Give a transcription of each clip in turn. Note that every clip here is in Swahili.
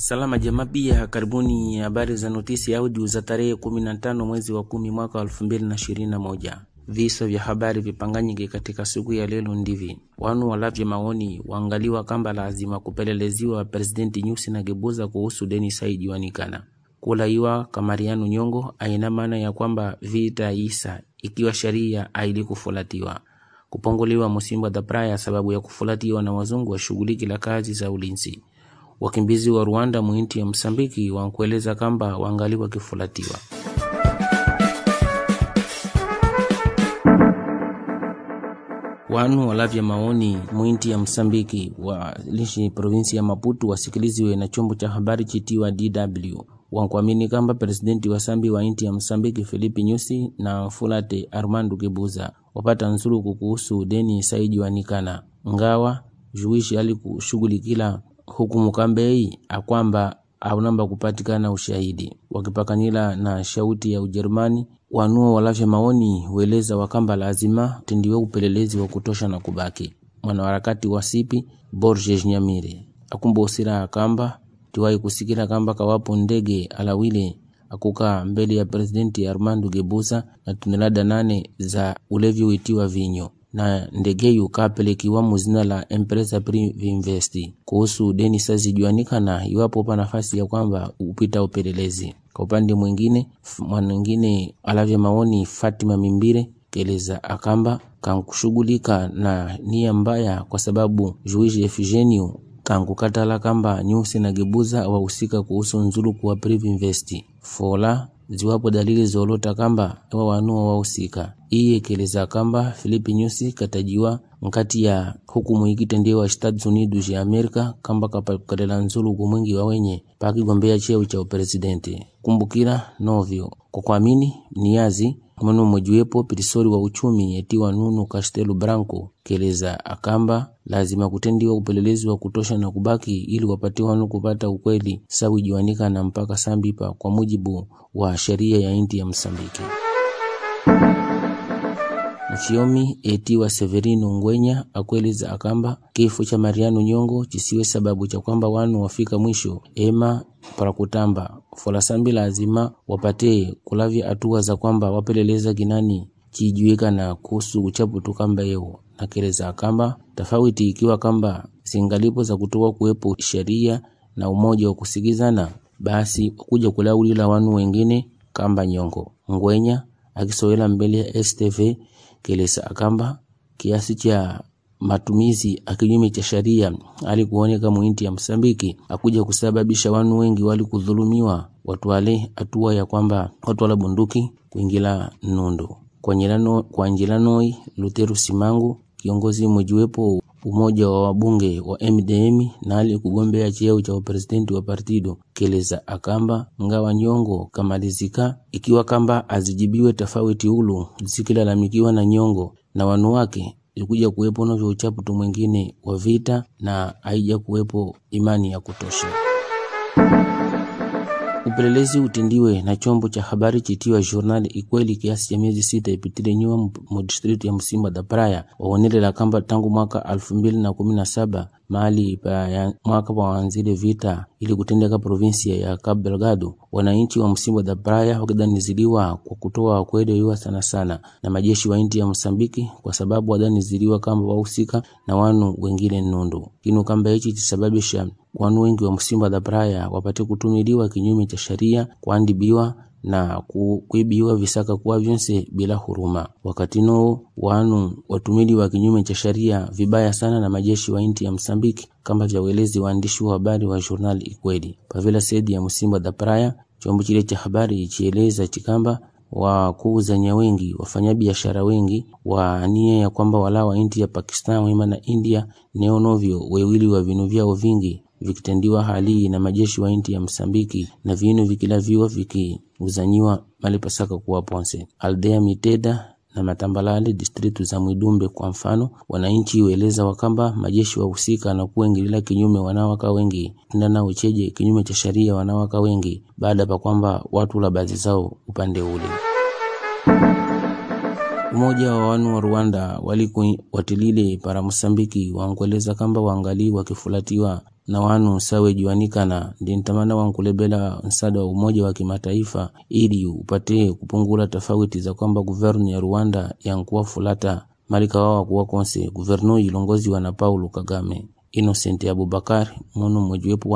Salama jamaa pia, karibuni habari za notisi audio za tarehe 15 mwezi wa 10 mwaka wa 2021. Visa vya habari vipanganyike katika siku ya lelo ndivi wanu walavye maoni waangaliwa kamba lazima kupeleleziwa presidenti nyusi na gebuza kuhusu deni saidi wanikana kulaiwa Kamariano nyongo aina maana ya kwamba vita isa ikiwa sheria aili kufulatiwa musimba musimbwa dhapraya sababu ya kufulatiwa na wazungu shughuli kila kazi za ulinzi wakimbizi wa Rwanda mu ya Msambiki wankueleza kamba wangali wakifulatiwa wanu walavya maoni mwinti ya Msambiki walishi provinsi ya maputu wasikiliziwe na chombo cha habari chitiwa DW wankuamini kamba presidenti wa sambi wa inti ya Msambiki Filipi Nyusi na Fulate Armando kibuza wapata nzuluku kuhusu deni saijiwanikana ngawa juishi alikushughulikila hukumu Kambei akwamba aunamba kupatikana ushahidi wakipakanyila na shauti ya Ujerumani wanuo walavya maoni weleza wakamba lazima tindiwe upelelezi wa kutosha na kubaki mwanaharakati wa sipi Borges Nyamire akumba usira akamba tiwahi kusikira kamba kawapo ndege alawile akuka mbele ya presidenti Armando Gebusa na tunelada nane za ulevi uitiwa vinyo na Ndegeyo kaapelekiwa mu zina la Empresa Privinvest kuhusu deni sazijuanikana iwapo pa nafasi ya kwamba upita upelelezi. Kwa upande mwingine, mwingine alavya maoni Fatima Mimbire keleza akamba kankushughulika na nia mbaya kwa sababu juishi efigenio kankukatala kamba nyusi na gebuza wahusika kuhusu nzulu kuwa Privinvest fola ziwapo dalili zolota kamba wanuwa wahusika iyi keleza kamba Filipi Nyusi katajiwa nkati ya hukumu wa Estados Unidos ya Amerika kamba kapakalela nzulu mwingi wawenye pakigombea cheo cha upresidenti kumbukira novyo kukwamini niyazi Mano mojuwepo pitisori wa uchumi yatiwa nunu Castelo Branco keleza akamba lazima kutendiwa upelelezi wa kutosha na kubaki ili wanu kupata ukweli na mpaka sambipa kwa mujibu wa sheria ya inti ya Msambiki eti wa Severino Ngwenya akweleza akamba kifo cha Mariano Nyongo chisiwe sababu cha kwamba wanu wafika mwisho ema pakutamba folasambi lazima wapatee kulavya atua za kwamba wapeleleza kinani kusu kuhusu tu kamba yewo nakeleza akamba tofauti ikiwa kamba zingalipo za kutoa kuwepo sheria na umoja wa kusikizana basi kuja kulaulila wanu wengine kamba Nyongo Ngwenya akisowela mbele ya STV kelesa akamba kiasi cha matumizi akinyume cha sharia alikuoneka kuoneka muinti ya Msambiki akuja kusababisha wanu wengi wali kudhulumiwa watwale hatua ya kwamba watwala bunduki kuingila nundu kwanjila noi Luteru Simangu kiongozi mwejiwepo umoja wa wabunge wa MDM na ali kugombea cheo cha upresidenti wa partido keleza akamba ngawa nyongo kamalizika ikiwa kamba azijibiwe tofauti ulu zikilalamikiwa na nyongo na wanu wake ilikuja kuwepo na vyouchaputu mwingine wa vita na haija kuwepo imani ya kutosha. Upelelezi utendiwe na chombo cha habari chitiwa Journal ikweli kiasi cha miezi sita ipitile nyiwa mudistritu ya Musimba da praya wawonele la kamba tangu mwaka alfu mbili na kumi na saba mahali pa mwaka waanzile vita ili kutendeka provinsia ya Cabo Delgado. Wananchi wa Msimbo da Praia wakidaniziliwa kwa kutoa ukweli huo sana sana na majeshi wa nchi ya Msambiki, kwa sababu wadaniziliwa kama wahusika na wanu wengine nundu kinu kamba hichi chisababisha wanu wengi wa Msimbo da Praia wapate kutumiliwa kinyume cha sheria kuandibiwa na kuibiwa visaka kuwa vyonse bila huruma. wakati noo wanu watumidi wa kinyume cha sharia vibaya sana na majeshi wa inti ya Msambiki, kama vyawelezi waandishi wa habari wa jurnali Ikweli pavila sedi ya Musimba da Praya, Chombo chile cha habari ichieleza chikamba wakuuzanya wengi wafanya biashara wengi nia ya kwamba wala wa inti ya Pakistan wema na India neonovyo wewili wa vinu vyao vingi vikitendiwa hali na majeshi wa inti ya Msambiki na vinu vikilaviwa vikiuzanyiwa mali pasaka kuwa Ponse aldea Miteda na Matambalale distritu za Mwidumbe. Kwa mfano, wananchi weleza wakamba majeshi wahusika na kuingilia kinyume wanawaka wengi tendana ucheje kinyume cha sheria wanawaka wengi baada pa kwamba watu la baadhi zao upande ule Umoja wa wanu wa Rwanda walikuwatilile para musambiki wankueleza kamba wangali wakifulatiwa na wanu sawe juanikana ndintamana wankulebela nsada wa umoja wa kimataifa ili upate kupungula tofauti za kwamba guvernu ya Rwanda yankuwafulata malika wakuwa konse guvernu ilongoziwa na Paulo Kagame Innocent Abubakar munu mojuwepo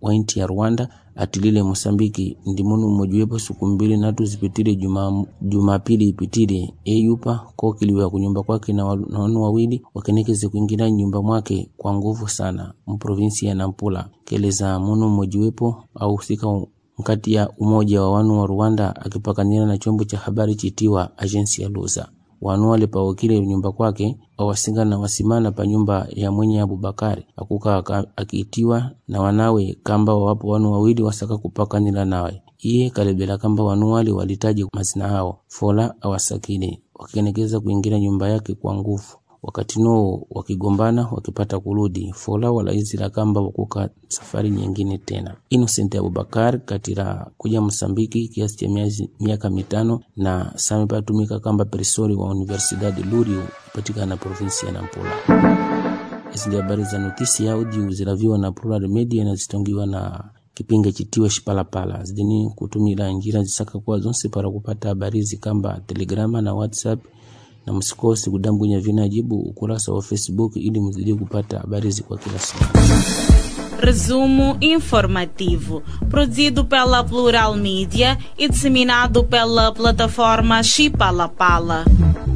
wa inti ya Rwanda atilile mosambiki ndi munu mojuwepo siku mbili natu zipitile jumapili ipitile eyupa kokiliwa kunyumba kwake na wanu wawili wakenekeze kuingira nyumba mwake kwa nguvu sana mprovinsi ya Nampula keleza munu mojuwepo ahusika mkati ya umoja wa wanu wa Rwanda akipakanira na chombo cha habari chitiwa agensi ya Luza Wanuale pawokile nyumba kwake wawasinga na wasimana pa nyumba ya mwenye Abubakari akuka akiitiwa na wanawe kamba wawapo wanu wawili wasaka kupakanila nawe iye kalebela kamba wanu wali walitaji mazina hao fola awasakile wakenekeza kuingira nyumba yake kwa nguvu Wakati noo wakigombana wakipata kurudi Fola walaizila kamba wakuka safari nyingine tena. Innocent Abubakar katira kuja Msambiki kiasi cha miaka mitano na same patumika kamba presori wa Universidade Luriu patikana provinsi ya Nampula. Izi habari za notisi ya audio zilaviwa na Plural Media na zitongiwa na kipinga chitiwa Shipalapala zidini kutumila njira zisaka kwa zonse para kupata habari zikamba telegrama na whatsapp na kudambwinya vinajibu ukurasa wa Facebook ili mzidi kupata habari kwa kila siku. Resumo informativo, produzido pela Plural Media e disseminado pela plataforma Chipalapala.